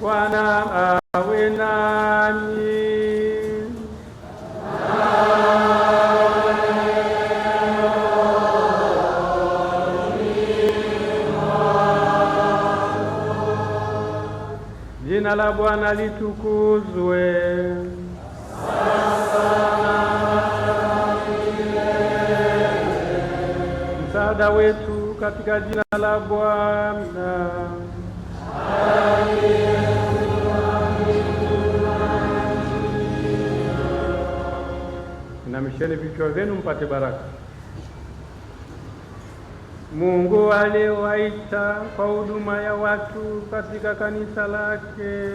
Bwana awe nanyi. Jina la Bwana litukuzwe. Msaada wetu katika jina la Bwana. Amen. namisheni vichwa vyenu mpate baraka. Mungu aliwaita kwa huduma ya watu katika kanisa lake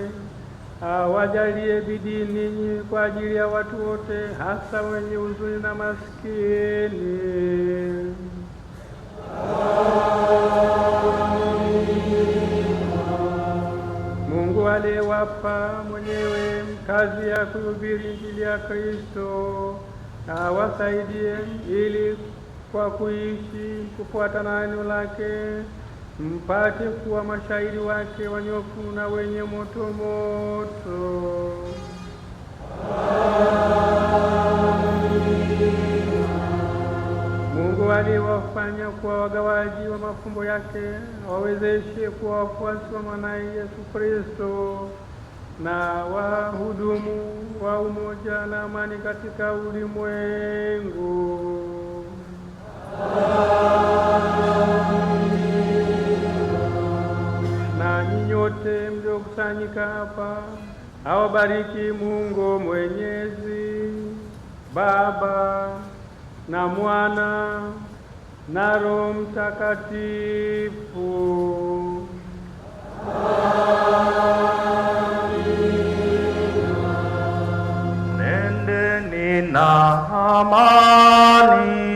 awajalie bidii ninyi kwa ajili ya watu wote, hasa wenye huzuni na maskini. Mungu aliyewapa mwenyewe kazi ya kuhubiri Injili ya Kristo na awasaidie ili kwa kuishi kufuata neno lake mpate kuwa mashahidi wake wanyofu na wenye moto moto. Mungu aliyewafanya kuwa wagawaji wa mafumbo yake awawezeshe kuwa wafuasi wa mwanaye Yesu Kristo na wahudumu wa umoja na amani katika ulimwengu. Na nyinyote mliokusanyika hapa, awabariki Mungu Mwenyezi, Baba na Mwana na Roho Mtakatifu. 있는 이 나만이